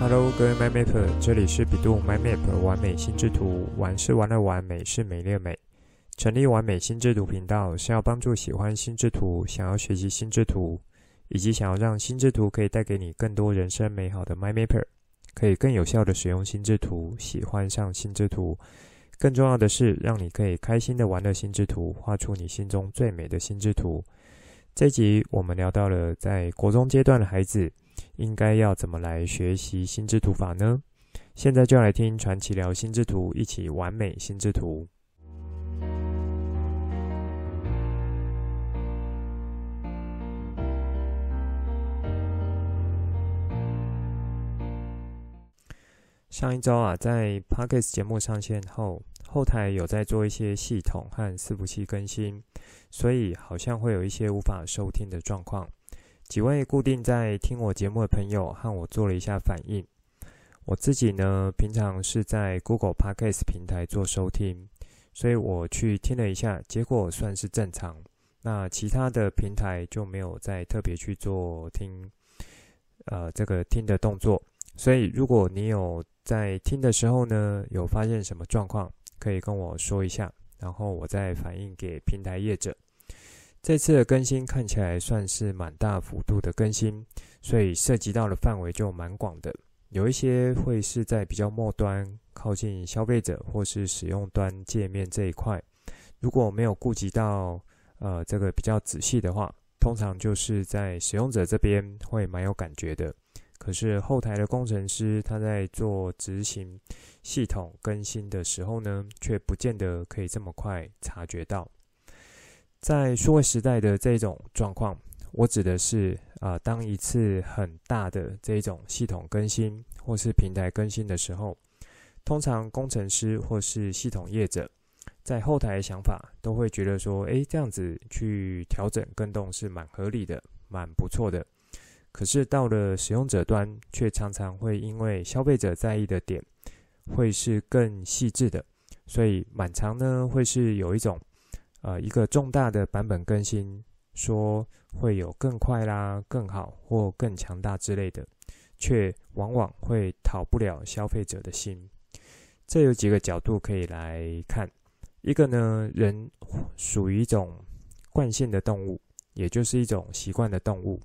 Hello，各位 My Mapper，這裡是 bEDU My Mapper 完美心智圖，玩是玩的玩，美是美麗美。成立完美心智圖頻道，是要幫助喜歡心智圖、想要學習心智圖，以及想要讓心智圖可以帶給你更多人生美好的 My Mapper，可以更有效的使用心智圖，喜歡上心智圖，更重要的是，讓你可以開心的玩樂心智圖，畫出你心中最美的心智圖。這一集我們聊到了在國中階段的孩子。應該要怎麼來學習心智圖法呢？現在就來聽傳奇聊心智圖，一起完美心智圖。上一周啊，在 Podcast 節目上線後，後台有在做一些系統和伺服器更新，所以好像會有一些無法收聽的狀況。幾位固定在聽我節目的朋友和我做了一下反應，我自己呢，平常是在 Google Podcast 平台做收聽，所以我去聽了一下，結果算是正常。那其他的平台就沒有再特別去做聽，呃，這個聽的動作。所以如果你有在聽的時候呢，有發現什麼狀況，可以跟我說一下，然後我再反映給平台業者。這次的更新看起來算是蠻大幅度的更新，所以涉及到的範圍就蠻廣的。有一些會是在比較末端、靠近消費者或是使用端界面這一塊。如果沒有顧及到呃，這個比較仔細的話，通常就是在使用者這邊會蠻有感覺的。可是後台的工程師他在做執行系統更新的時候呢，卻不見得可以這麼快察覺到。在數位時代的這種狀況，我指的是啊、呃，當一次很大的這種系統更新或是平台更新的時候，通常工程師或是系統業者在後台想法都會覺得說，誒、欸，這樣子去調整更動是蠻合理的、蠻不錯的。可是到了使用者端，卻常常會因為消費者在意的點會是更細緻的，所以蠻常呢會是有一種。呃，一個重大的版本更新，說會有更快啦、更好或更強大之類的，卻往往會討不了消費者的心。這有幾個角度可以來看：一個呢，人屬於一種慣性的動物，也就是一種習慣的動物，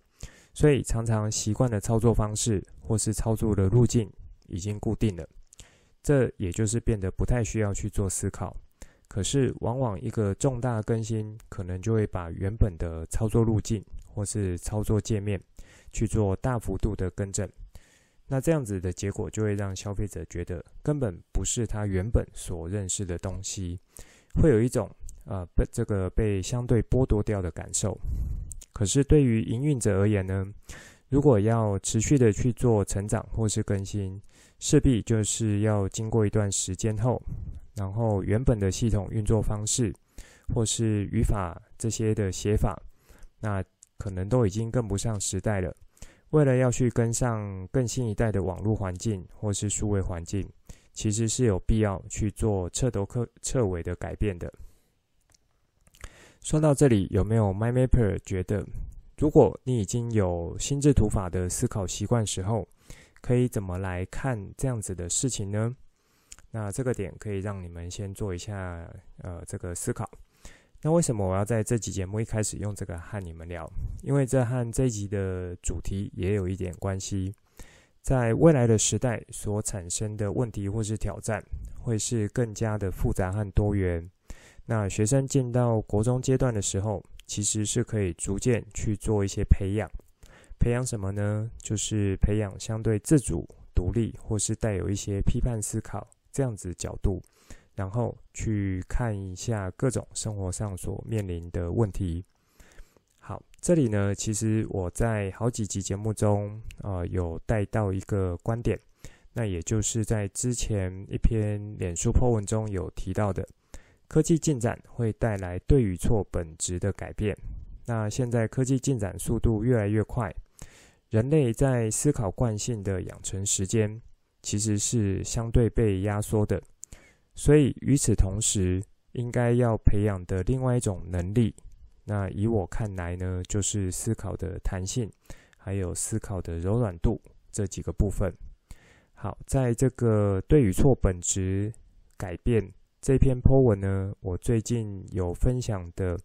所以常常習慣的操作方式或是操作的路徑已經固定了，這也就是變得不太需要去做思考。可是，往往一個重大更新，可能就會把原本的操作路徑或是操作界面，去做大幅度的更正。那這樣子的結果，就會讓消費者覺得根本不是他原本所認識的東西，會有一種呃被這個被相對剝奪掉的感受。可是，對於營運者而言呢，如果要持續的去做成長或是更新，勢必就是要經過一段時間後。然後原本的系統運作方式，或是語法這些的寫法，那可能都已經跟不上時代了。為了要去跟上更新一代的網絡環境或是數位環境，其實是有必要去做徹頭徹尾的改變的。說到這裡，有沒有 MyMapper 覺得，如果你已經有心智圖法的思考習慣時候，可以怎麼來看這樣子的事情呢？那這個點可以讓你們先做一下，呃，這個思考。那為什麼我要在這集節目一開始用這個和你們聊？因為這和這一集的主題也有一點關係。在未來的時代所產生的問題或是挑戰，會是更加的複雜和多元。那學生進到國中階段的時候，其實是可以逐漸去做一些培養。培養什麼呢？就是培養相對自主、獨立，或是帶有一些批判思考。這樣子角度，然後去看一下各種生活上所面臨的問題。好，這裡呢，其實我在好幾集節目中，呃，有帶到一個觀點，那也就是在之前一篇臉書 PO 文中有提到的，科技進展會帶來對與錯本質的改變。那現在科技進展速度越來越快，人類在思考慣性的養成時間。其實是相對被壓縮的，所以與此同時，應該要培養的另外一種能力，那以我看來呢，就是思考的彈性，還有思考的柔軟度這幾個部分。好，在這個對與錯本質改變這篇 po 文呢，我最近有分享的。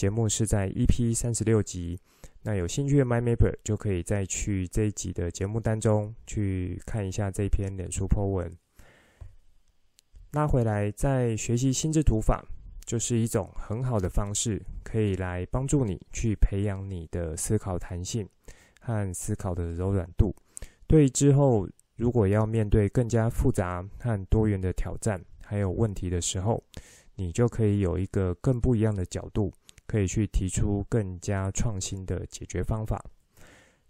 節目是在 EP 三十六集，那有興趣的 My Mapper 就可以再去這一集的節目當中去看一下這篇臉書 Po 文。拉回來，在學習心智圖法，就是一種很好的方式，可以來幫助你去培養你的思考彈性和思考的柔軟度。對之後如果要面對更加複雜和多元的挑戰還有問題的時候，你就可以有一個更不一樣的角度。可以去提出更加創新的解決方法，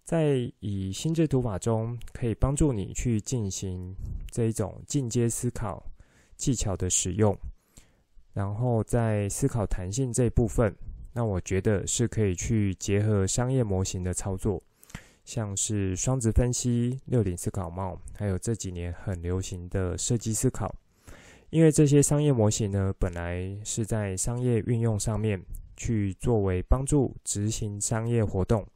在以心智圖法中，可以幫助你去進行這一種進階思考技巧的使用。然後在思考彈性這一部分，那我覺得是可以去結合商業模型的操作，像是雙值分析、六頂思考帽，還有這幾年很流行的設計思考。因為這些商業模型呢，本來是在商業運用上面。去作為幫助執行商業活動，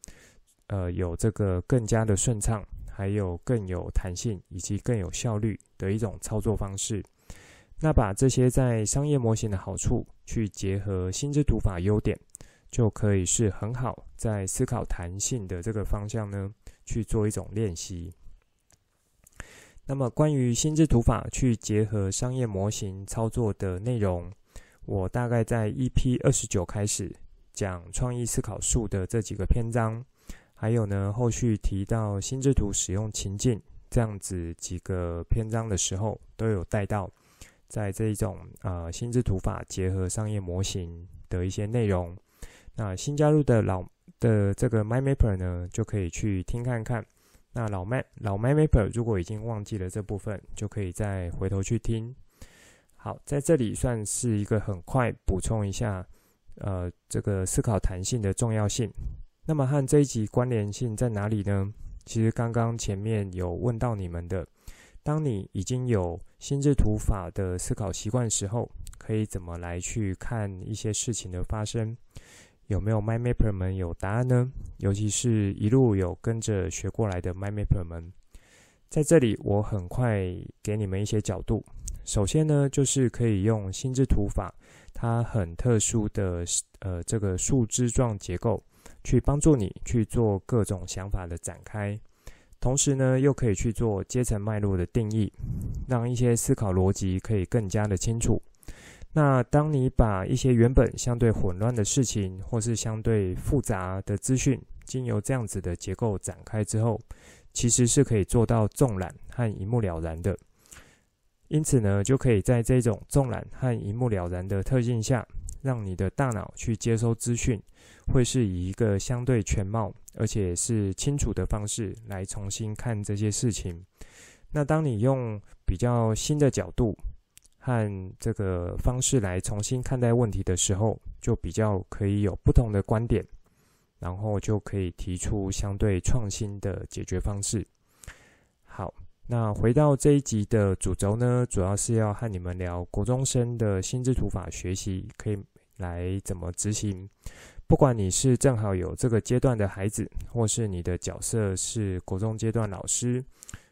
呃，有這個更加的順暢，還有更有彈性，以及更有效率的一種操作方式。那把這些在商業模型的好處去結合心智圖法優點，就可以是很好在思考彈性的這個方向呢，去做一種練習。那麼關於心智圖法去結合商業模型操作的內容。我大概在 EP 二十九，開始講創意思考術的這幾個篇章，還有呢，後續提到心智圖使用情境這樣子幾個篇章的時候，都有帶到在這一種啊心智圖法結合商業模型的一些內容。那新加入的老的這個 MindMapper 呢，就可以去聽看看。那老麥老 MindMapper 如果已經忘記了這部分，就可以再回頭去聽。好，在這裡算是一個很快補充一下，呃，這個思考彈性的重要性。那麼和這一集關聯性在哪裡呢？其實剛剛前面有問到你們的，當你已經有心智圖法的思考習慣時候，可以怎麼來去看一些事情的發生？有沒有 MindMapper 們有答案呢？尤其是一路有跟着學過來的 MindMapper 們，在這裡我很快給你們一些角度。首先呢，就是可以用心智圖法，它很特殊的呃這個樹枝狀結構，去幫助你去做各種想法的展開，同時呢又可以去做階層脈絡的定義，讓一些思考邏輯可以更加的清楚。那當你把一些原本相對混亂的事情，或是相對複雜的資訊，經由這樣子的結構展開之後，其實是可以做到縱覽和一目了然的。因此呢，就可以在這種縱覽和一目了然的特性下，讓你的大腦去接收資訊，會是以一個相對全貌，而且是清楚的方式來重新看這些事情。那當你用比較新的角度和這個方式來重新看待問題的時候，就比較可以有不同的觀點，然後就可以提出相對創新的解決方式。好。那回到這一集的主軸呢，主要是要和你們聊國中生的心智圖法學習可以來怎麼執行。不管你是正好有這個階段的孩子，或是你的角色是國中階段老師，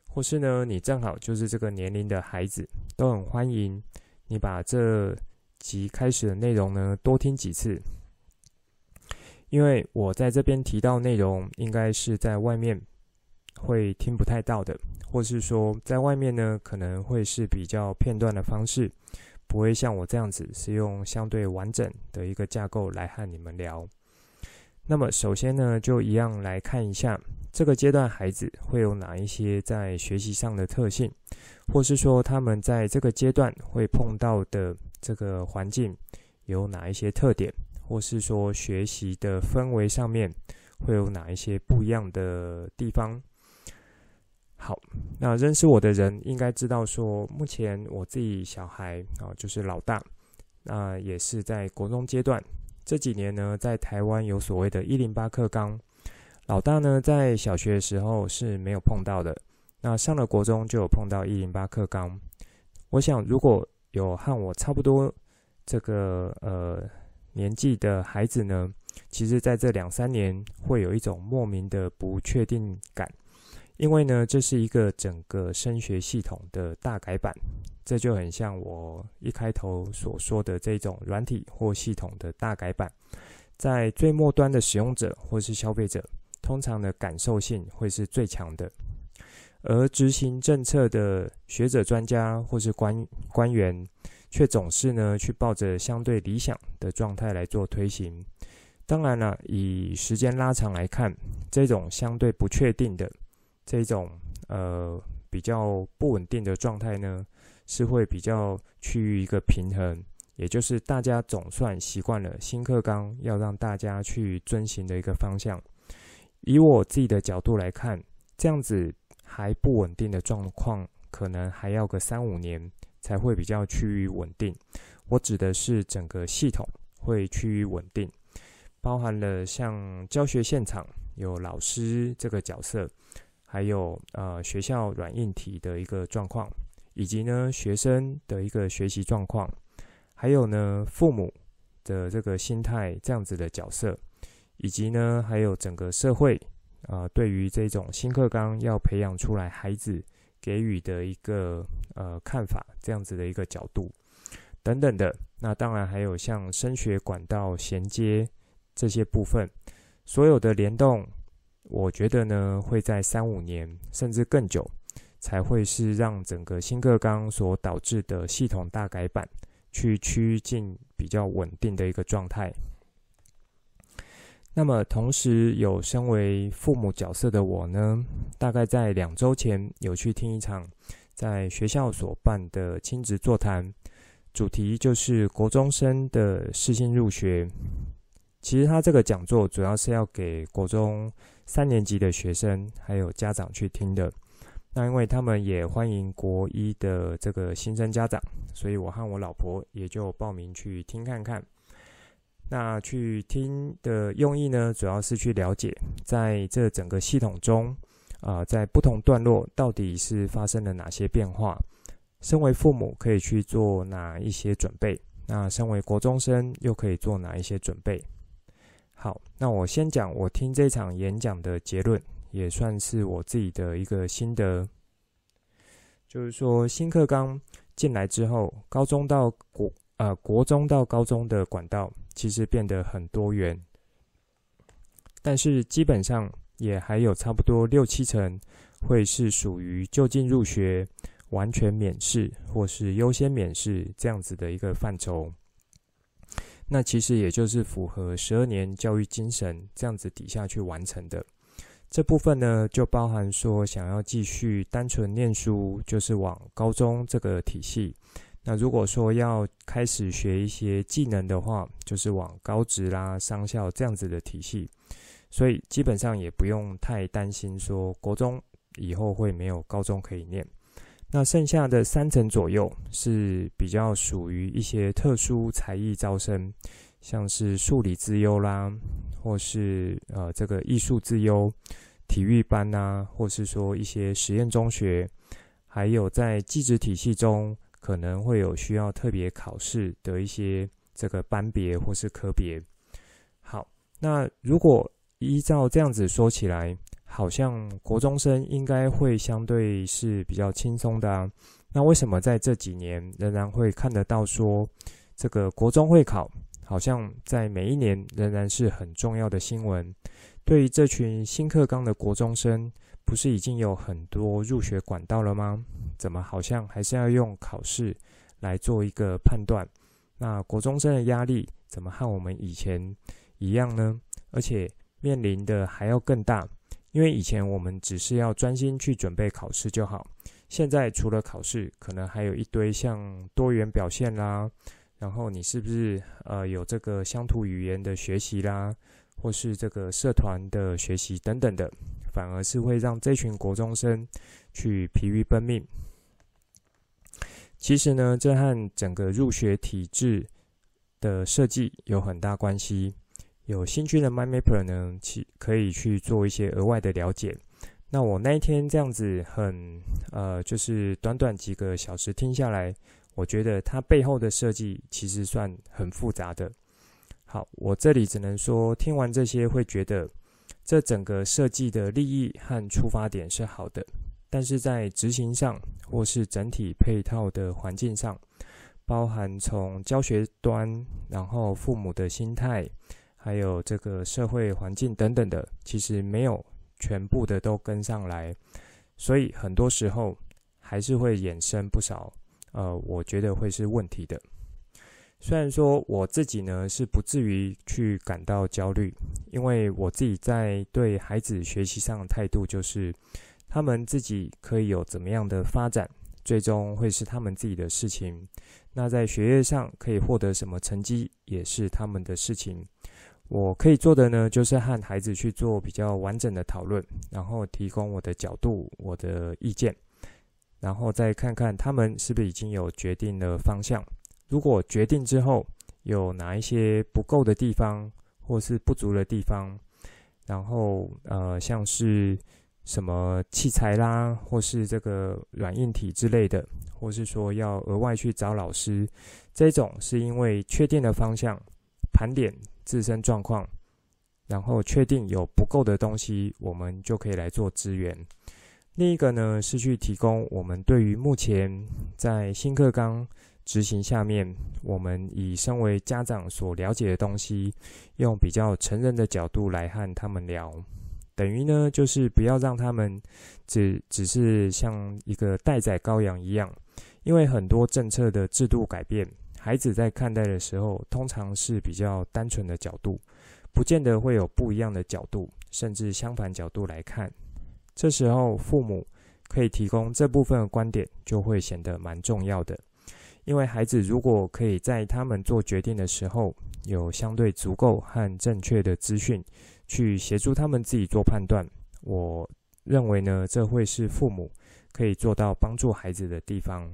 或是呢你正好就是這個年齡的孩子，都很歡迎你把這集開始的內容呢多聽幾次，因為我在這邊提到內容，應該是在外面會聽不太到的。或是說，在外面呢，可能會是比較片段的方式，不會像我這樣子，是用相對完整的一個架構來和你們聊。那麼，首先呢，就一樣來看一下這個階段孩子會有哪一些在學習上的特性，或是說他們在這個階段會碰到的這個環境有哪一些特點，或是說學習的氛圍上面會有哪一些不一樣的地方。好，那認識我的人應該知道說，目前我自己小孩啊，就是老大，那也是在國中階段。這幾年呢，在台灣有所謂的“一零八課綱”，老大呢在小學的時候是沒有碰到的，那上了國中就有碰到“一零八課綱”。我想，如果有和我差不多這個呃年紀的孩子呢，其實在這兩三年會有一種莫名的不確定感。因為呢，這是一個整個升學系統的大改版，這就很像我一開頭所說的這種軟體或系統的大改版，在最末端的使用者或是消費者，通常的感受性會是最強的，而執行政策的學者專家或是官官員，卻總是呢去抱着相對理想的狀態來做推行。當然了，以時間拉長來看，這種相對不確定的。這種呃比較不穩定的狀態呢，是會比較趨於一個平衡，也就是大家總算習慣了新課綱要讓大家去遵循的一個方向。以我自己的角度來看，這樣子還不穩定的狀況，可能還要個三五年才會比較趨於穩定。我指的是整個系統會趨於穩定，包含了像教學現場有老師這個角色。還有呃學校軟硬體的一個狀況，以及呢學生的一個學習狀況，還有呢父母的這個心態這樣子的角色，以及呢還有整個社會啊、呃、對於這種新課綱要培養出來孩子給予的一個呃看法這樣子的一個角度等等的，那當然還有像升學管道銜接這些部分，所有的聯動。我覺得呢，會在三五年甚至更久才會是讓整個新課綱所導致的系統大改版去趨近比較穩定的一個狀態。那麼，同時有身為父母角色的我呢，大概在兩周前有去聽一場在學校所辦的親子座談，主題就是國中生的適性入學。其實他這個講座主要是要給國中。三年級的學生還有家長去聽的，那因為他們也歡迎國一的這個新生家長，所以我和我老婆也就報名去聽看看。那去聽的用意呢，主要是去了解在這整個系統中，啊、呃，在不同段落到底是發生了哪些變化，身為父母可以去做哪一些準備，那身為國中生又可以做哪一些準備。好，那我先講我聽這場演講的結論，也算是我自己的一個心得，就是說，新課綱進來之後，高中到國啊、呃、國中到高中的管道其實變得很多元，但是基本上也還有差不多六七成會是屬於就近入學、完全免試或是優先免試這樣子的一個範疇。那其實也就是符合十二年教育精神這樣子底下去完成的這部分呢，就包含說想要繼續單純念書，就是往高中這個體系；那如果說要開始學一些技能的話，就是往高職啦、商校這樣子的體系。所以基本上也不用太擔心說國中以後會沒有高中可以念。那剩下的三成左右是比較屬於一些特殊才藝招生，像是數理資優啦，或是呃這個藝術資優、體育班吶、啊，或是說一些實驗中學，還有在技職體系中可能會有需要特別考試的一些這個班別或是科別。好，那如果依照這樣子說起來。好像國中生應該會相對是比較輕鬆的啊。那為什麼在這幾年仍然會看得到說這個國中會考好像在每一年仍然是很重要的新聞？對於這群新課綱的國中生，不是已經有很多入學管道了嗎？怎麼好像還是要用考試來做一個判斷？那國中生的壓力怎麼和我們以前一樣呢？而且面臨的還要更大。因為以前我們只是要專心去準備考試就好，現在除了考試，可能還有一堆像多元表現啦，然後你是不是呃有這個鄉土語言的學習啦，或是這個社團的學習等等的，反而是會讓這群國中生去疲於奔命。其實呢，這和整個入學體制的設計有很大關係。有興趣的 MindMapper 呢，可以去做一些額外的了解。那我那一天這樣子很，很呃，就是短短幾個小時聽下來，我覺得它背後的設計其實算很複雜的。好，我這裡只能說，聽完這些會覺得，這整個設計的利益和出發點是好的，但是在執行上或是整體配套的環境上，包含從教學端，然後父母的心態。還有這個社會環境等等的，其實沒有全部的都跟上來，所以很多時候還是會衍生不少，呃，我覺得會是問題的。雖然說我自己呢，是不至於去感到焦慮，因為我自己在對孩子學習上的態度就是，他們自己可以有怎麼樣的發展，最終會是他們自己的事情。那在學業上可以獲得什麼成績，也是他們的事情。我可以做的呢，就是和孩子去做比較完整的討論，然後提供我的角度、我的意見，然後再看看他們是不是已經有決定的方向。如果決定之後有哪一些不夠的地方或是不足的地方，然後呃，像是什麼器材啦，或是這個軟硬體之類的，或是說要額外去找老師，這種是因為確定的方向盤點自身狀況，然後確定有不夠的東西，我們就可以來做支援。另一個呢，是去提供我們對於目前在新課綱執行下面，我們以身為家長所了解的東西，用比較成人的角度來和他們聊，等於呢，就是不要讓他們只只是像一個待宰羔羊一樣，因為很多政策的制度改變。孩子在看待的時候，通常是比較單純的角度，不見得會有不一樣的角度，甚至相反角度來看。這時候，父母可以提供這部分的觀點，就會顯得蠻重要的。因為孩子如果可以在他們做決定的時候，有相對足夠和正確的資訊，去協助他們自己做判斷，我認為呢，這會是父母可以做到幫助孩子的地方。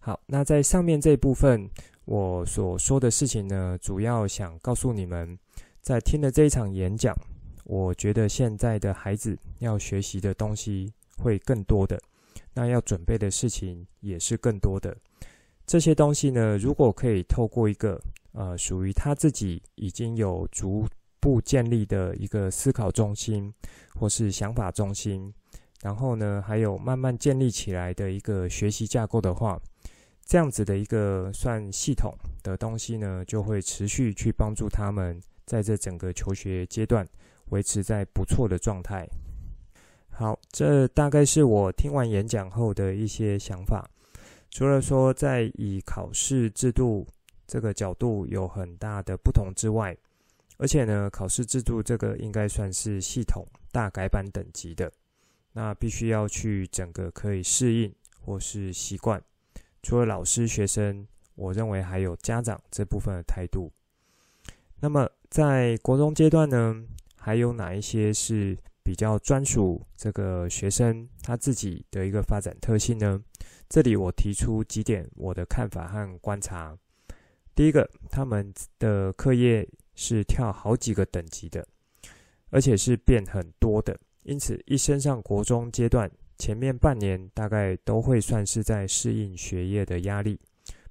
好，那在上面這一部分，我所說的事情呢，主要想告訴你們，在聽了這一場演講，我覺得現在的孩子要學習的東西會更多的，那要準備的事情也是更多的。這些東西呢，如果可以透過一個呃，屬於他自己已經有逐步建立的一個思考中心，或是想法中心，然後呢，還有慢慢建立起來的一個學習架構的話，這樣子的一個算系統的東西呢，就會持續去幫助他們在這整個求學階段維持在不錯的狀態。好，這大概是我聽完演講後的一些想法。除了說在以考試制度這個角度有很大的不同之外，而且呢，考試制度這個應該算是系統大改版等級的，那必須要去整個可以適應或是習慣。除了老師、學生，我認為還有家長這部分的態度。那麼，在國中階段呢，還有哪一些是比較專屬這個學生他自己的一個發展特性呢？這裡我提出幾點我的看法和觀察。第一個，他們的課業是跳好幾個等級的，而且是變很多的，因此一升上國中階段，前面半年大概都會算是在適應學業的壓力，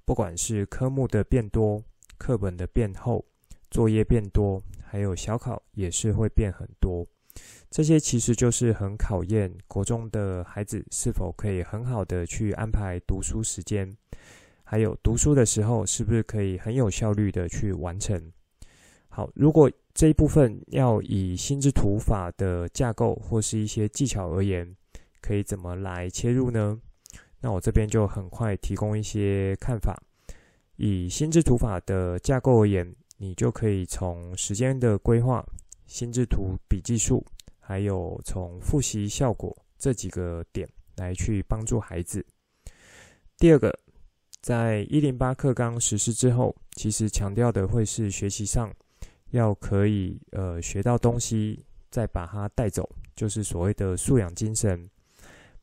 不管是科目的變多、課本的變厚、作業變多，還有小考也是會變很多。這些其實就是很考驗國中的孩子是否可以很好的去安排讀書時間，還有讀書的時候是不是可以很有效率的去完成。好，如果這一部分要以心智圖法的架構或是一些技巧而言，可以怎麼來切入呢？那我這邊就很快提供一些看法。以心智圖法的架構而言，你就可以從時間的規劃、心智圖筆記術、還有從複習效果這幾個點來去幫助孩子。第二個，在一零八課綱實施之後，其實強調的會是學習上要可以呃學到東西，再把它帶走，就是所謂的素養精神。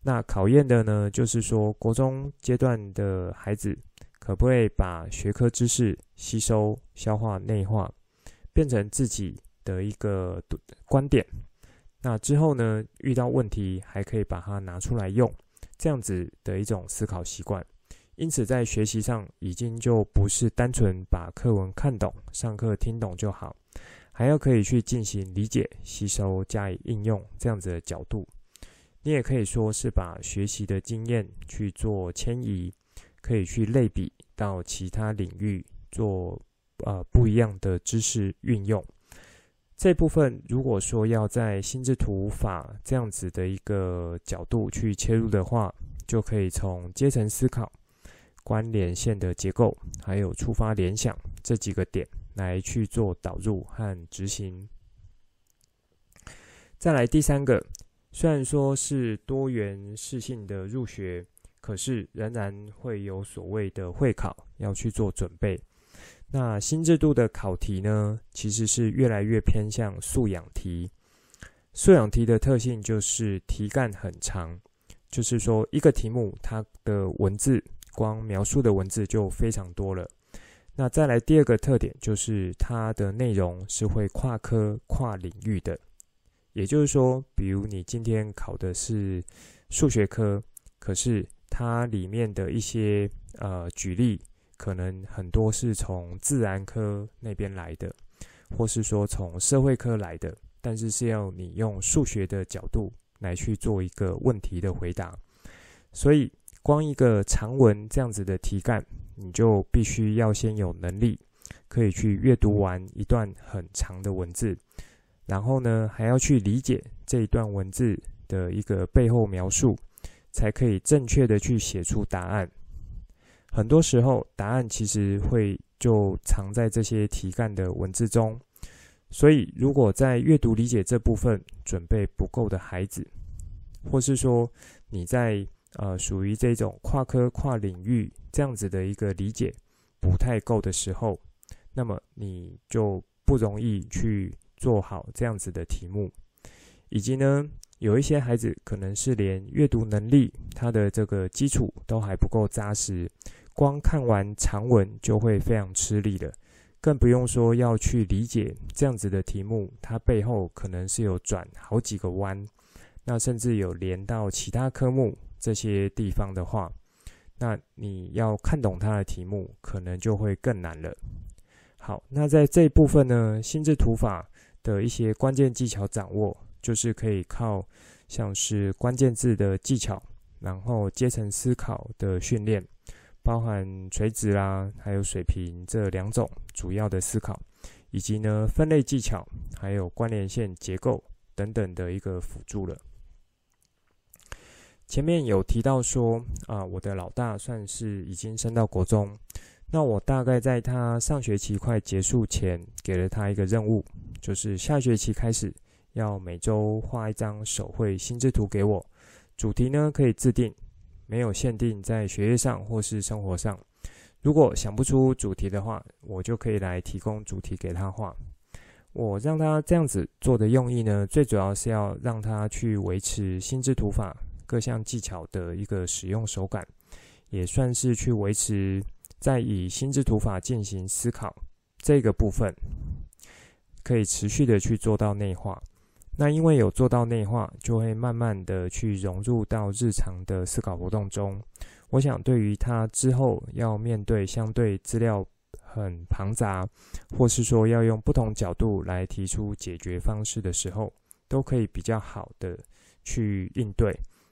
那考驗的呢，就是說，國中階段的孩子可不可以把學科知識吸收、消化、內化，變成自己的一個觀點。那之後呢，遇到問題還可以把它拿出來用，這樣子的一種思考習慣。因此，在學習上已經就不是單純把課文看懂、上課聽懂就好，還要可以去進行理解、吸收、加以應用，這樣子的角度。你也可以說是把學習的經驗去做遷移，可以去類比到其他領域做呃不一樣的知識運用。這部分如果說要在心智圖法這樣子的一個角度去切入的話，就可以從階層思考、關聯線的結構，還有觸發聯想這幾個點來去做導入和執行。再來第三個。雖然說是多元適性的入學，可是仍然會有所謂的會考要去做準備。那新制度的考題呢，其實是越來越偏向素養題。素養題的特性就是題幹很長，就是說一個題目它的文字，光描述的文字就非常多了。那再來第二個特點就是它的內容是會跨科跨領域的。也就是說，比如你今天考的是數學科，可是它裡面的一些呃舉例，可能很多是從自然科那邊來的，或是說從社會科來的，但是是要你用數學的角度來去做一個問題的回答。所以，光一個長文這樣子的題幹，你就必須要先有能力可以去閱讀完一段很長的文字。然後呢，還要去理解這一段文字的一個背後描述，才可以正確的去寫出答案。很多時候，答案其實會就藏在這些題幹的文字中。所以，如果在閱讀理解這部分準備不夠的孩子，或是說你在，呃，屬於這種跨科、跨領域這樣子的一個理解不太夠的時候，那麼你就不容易去。做好這樣子的題目，以及呢，有一些孩子可能是連閱讀能力，他的這個基礎都還不夠紮實，光看完長文就會非常吃力的，更不用說要去理解這樣子的題目，它背後可能是有轉好幾個彎，那甚至有連到其他科目這些地方的話，那你要看懂他的題目，可能就會更難了。好，那在這一部分呢，心智圖法的一些關鍵技巧掌握，就是可以靠像是關鍵字的技巧，然後階層思考的訓練，包含垂直啦，還有水平這兩種主要的思考，以及呢，分類技巧，還有關聯線結構等等的一個輔助了。前面有提到說啊，我的老大算是已經升到國中，那我大概在他上學期快結束前，給了他一個任務，就是下學期開始要每週畫一張手繪心智圖給我。主題呢可以自定，沒有限定在學業上或是生活上。如果想不出主題的話，我就可以來提供主題給他畫。我讓他這樣子做的用意呢，最主要是要讓他去維持心智圖法各項技巧的一個使用手感，也算是去維持。在以心智圖法進行思考這個部分，可以持續的去做到內化，那因為有做到內化，就會慢慢的去融入到日常的思考活動中。我想，對於他之後要面對相對資料很龐雜，或是說要用不同角度來提出解決方式的時候，都可以比較好的去應對。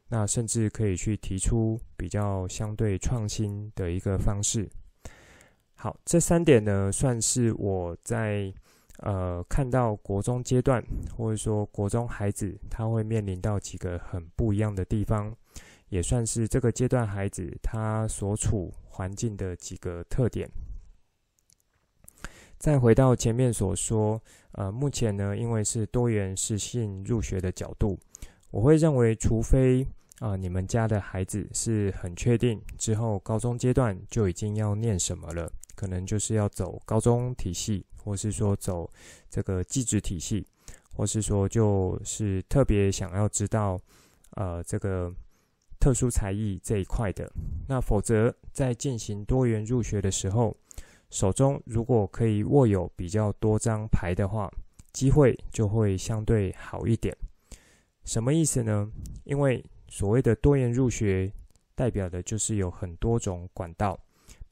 那甚至可以去提出比較相對創新的一個方式。好，這三點呢，算是我在呃看到國中階段，或者說國中孩子他會面臨到幾個很不一樣的地方，也算是這個階段孩子他所處環境的幾個特點。再回到前面所說，呃，目前呢，因為是多元適性入學的角度，我會認為，除非啊，呃，你們家的孩子是很確定之後高中階段就已經要念什麼了。可能就是要走高中體系，或是說走這個技職體系，或是說就是特別想要知道，呃，這個特殊才藝這一塊的。那否則在進行多元入學的時候，手中如果可以握有比較多張牌的話，機會就會相對好一點。什麼意思呢？因為所謂的多元入學，代表的就是有很多種管道。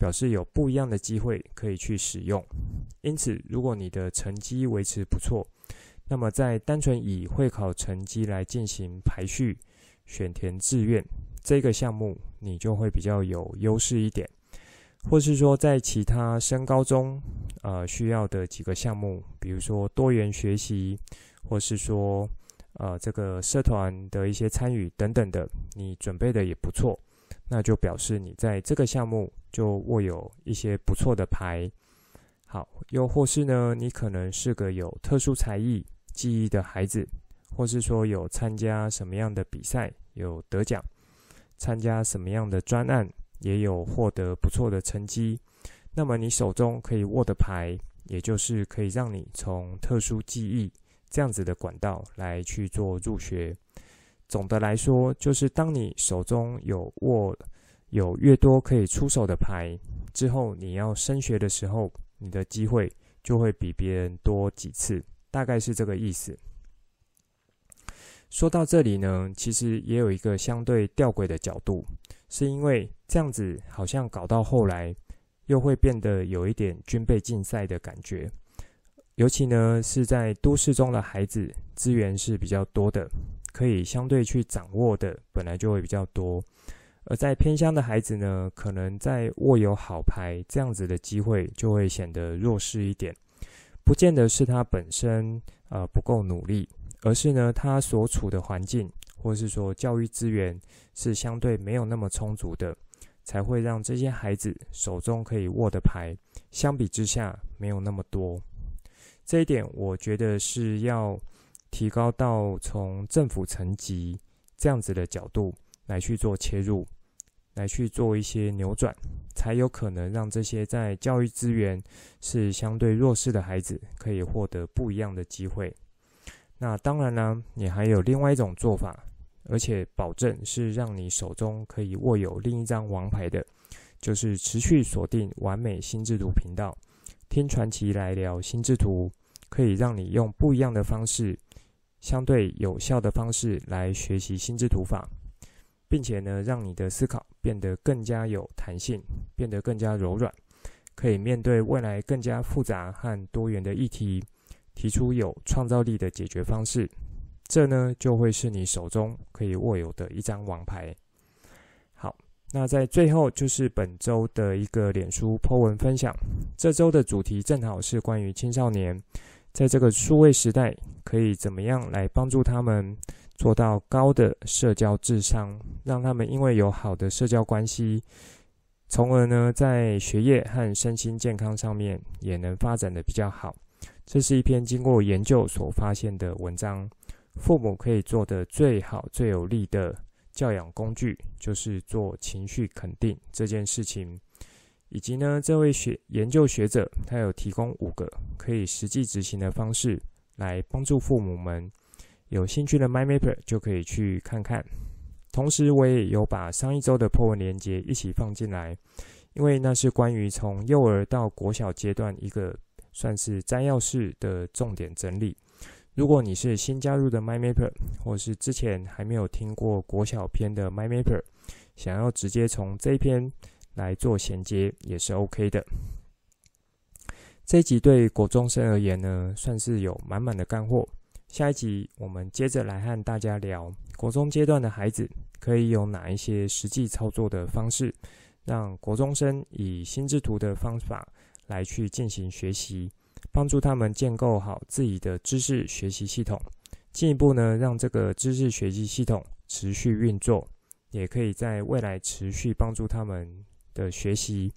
表示有不一樣的機會可以去使用，因此，如果你的成績維持不錯，那麼在單純以會考成績來進行排序、選填志願這個項目，你就會比較有優勢一點；或是說，在其他升高中呃需要的幾個項目，比如說多元學習，或是說呃這個社團的一些參與等等的，你準備的也不錯。那就表示你在這個項目就握有一些不錯的牌，好，又或是呢，你可能是個有特殊才藝、技藝的孩子，或是說有參加什麼樣的比賽有得獎，參加什麼樣的專案也有獲得不錯的成績，那麼你手中可以握的牌，也就是可以讓你從特殊技藝這樣子的管道來去做入學。總的來說，就是當你手中有握有越多可以出手的牌之後，你要升學的時候，你的機會就會比別人多幾次，大概是這個意思。說到這裡呢，其實也有一個相對吊詭的角度，是因為這樣子好像搞到後來又會變得有一點軍備競賽的感覺，尤其呢是在都市中的孩子資源是比較多的。可以相對去掌握的，本來就會比較多。而在偏鄉的孩子呢，可能在握有好牌這樣子的機會，就會顯得弱勢一點。不見得是他本身呃不夠努力，而是呢他所處的環境，或是說教育資源是相對沒有那麼充足的，才會讓這些孩子手中可以握的牌，相比之下沒有那麼多。這一點我覺得是要。提高到從政府層級這樣子的角度來去做切入，來去做一些扭轉，才有可能讓這些在教育資源是相對弱勢的孩子可以獲得不一樣的機會。那當然呢，你還有另外一種做法，而且保證是讓你手中可以握有另一張王牌的，就是持續鎖定玩美心智圖頻道，聽傳奇來聊心智圖，可以讓你用不一樣的方式相對有效的方式來學習心智圖法，並且呢，讓你的思考變得更加有彈性，變得更加柔軟，可以面對未來更加複雜和多元的議題，提出有創造力的解決方式。這呢，就會是你手中可以握有的一張王牌。好，那在最後就是本周的一個臉書 po 文分享。這周的主題正好是關於青少年。在這個數位時代，可以怎麼樣來幫助他們做到高的社交智商，讓他們因為有好的社交關係，從而呢，在學業和身心健康上面也能發展得比較好。這是一篇經過研究所發現的文章。父母可以做的最好最有力的教養工具，就是做情緒肯定這件事情。以及呢，這位學研究學者，他有提供五個可以實際執行的方式，來幫助父母們。有興趣的 MindMapper 就可以去看看。同時，我也有把上一周的 PO 文連結一起放進來，因為那是關於從幼兒到國小階段一個算是摘要式的重點整理。如果你是新加入的 MindMapper，或是之前還沒有聽過國小篇的 MindMapper，想要直接從這一篇。來做銜接也是 OK 的。這一集對國中生而言呢，算是有滿滿的乾貨。下一集我們接着來和大家聊，國中階段的孩子可以有哪一些實際操作的方式，讓國中生以心智圖的方法來去進行學習，幫助他們建構好自己的知識學習系統，進一步呢，讓這個知識學習系統持續運作，也可以在未來持續幫助他們的學習。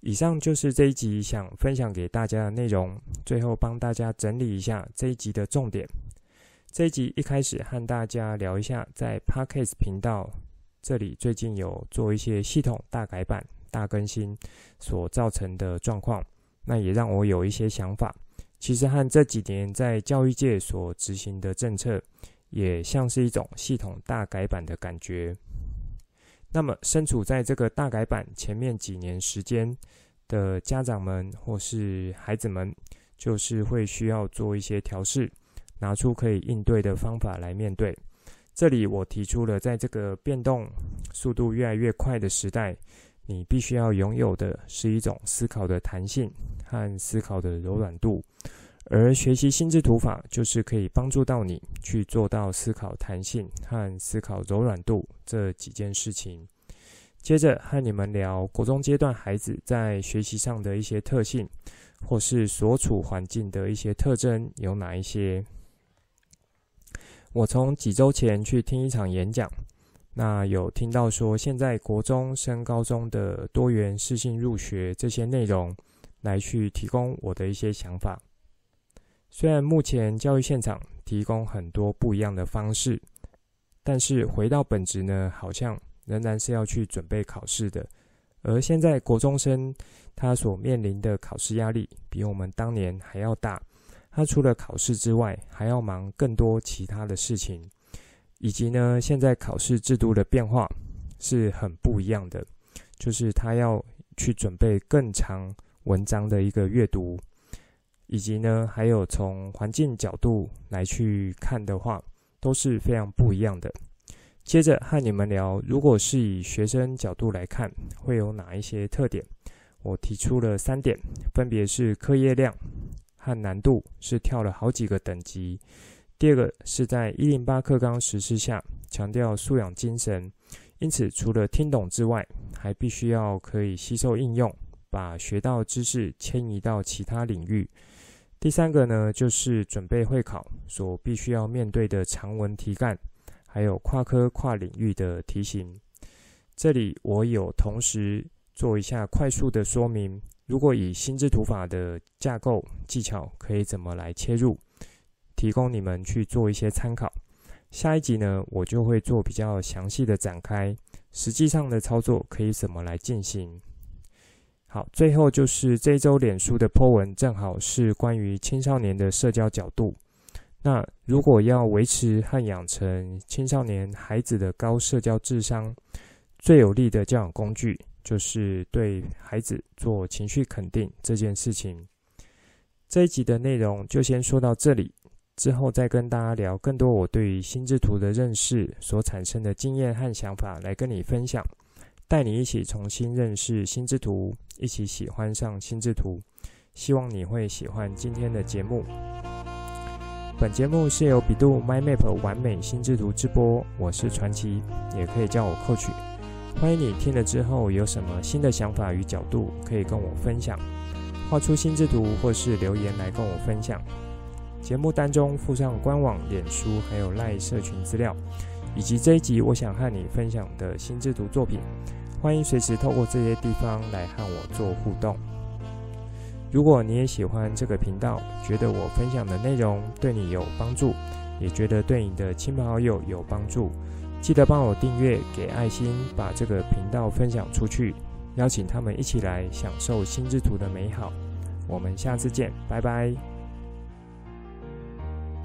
以上就是這一集想分享給大家的內容。最後幫大家整理一下這一集的重點。這一集一開始和大家聊一下，在 Podcast 頻道這裡最近有做一些系統大改版、大更新所造成的狀況，那也讓我有一些想法。其實和這幾年在教育界所執行的政策，也像是一種系統大改版的感覺。那麼身處在這個大改版前面幾年時間的家長們或是孩子們，就是會需要做一些調適，拿出可以應對的方法來面對。這裡我提出了，在這個變動速度越來越快的時代，你必須要擁有的是一種思考的彈性和思考的柔軟度。而學習心智圖法，就是可以幫助到你去做到思考彈性和思考柔軟度這幾件事情。接着和你們聊國中階段孩子在學習上的一些特性，或是所處環境的一些特徵有哪一些？我從幾周前去聽一場演講，那有聽到說現在國中升高中的多元適性入學這些內容，來去提供我的一些想法。雖然目前教育現場提供很多不一樣的方式，但是回到本質呢，好像仍然是要去準備考試的。而現在國中生他所面臨的考試壓力比我們當年還要大，他除了考試之外，還要忙更多其他的事情，以及呢，現在考試制度的變化是很不一樣的，就是他要去準備更長文章的一個閱讀。以及呢，還有從環境角度來去看的話，都是非常不一樣的。接着和你們聊，如果是以學生角度來看，會有哪一些特點？我提出了三點，分別是課業量和難度是跳了好幾個等級。第二個是在108課綱實施下，強調素養精神，因此除了聽懂之外，還必須要可以吸收應用，把學到知識遷移到其他領域。第三個呢，就是準備會考所必須要面對的長文題幹，還有跨科跨領域的題型。這裡我有同時做一下快速的說明，如果以心智圖法的架構技巧，可以怎麼來切入，提供你們去做一些參考。下一集呢，我就會做比較詳細的展開，實際上的操作可以怎麼來進行。好，最後就是這週臉書的 Po 文，正好是關於青少年的社交角度。那如果要維持和養成青少年孩子的高社交智商，最有力的教養工具就是對孩子做情緒肯定這件事情。這一集的內容就先說到這裡，之後再跟大家聊更多我對於心智圖的認識所產生的經驗和想法，來跟你分享。帶你一起重新認識心智圖，一起喜歡上心智圖，希望你會喜歡今天的節目。本節目是由 bEDU My Map 玩美心智圖製播，我是傳奇，也可以叫我寇取。歡迎你聽了之後有什麼新的想法與角度，可以跟我分享，畫出心智圖或是留言來跟我分享。節目單中附上官網、臉書還有 LINE 社群資料。以及這一集，我想和你分享的心智圖作品，歡迎隨時透過這些地方來和我做互動。如果你也喜歡這個頻道，覺得我分享的內容對你有幫助，也覺得對你的親朋好友有幫助，記得幫我訂閱、給愛心、把這個頻道分享出去，邀請他們一起來享受心智圖的美好。我們下次見，拜拜。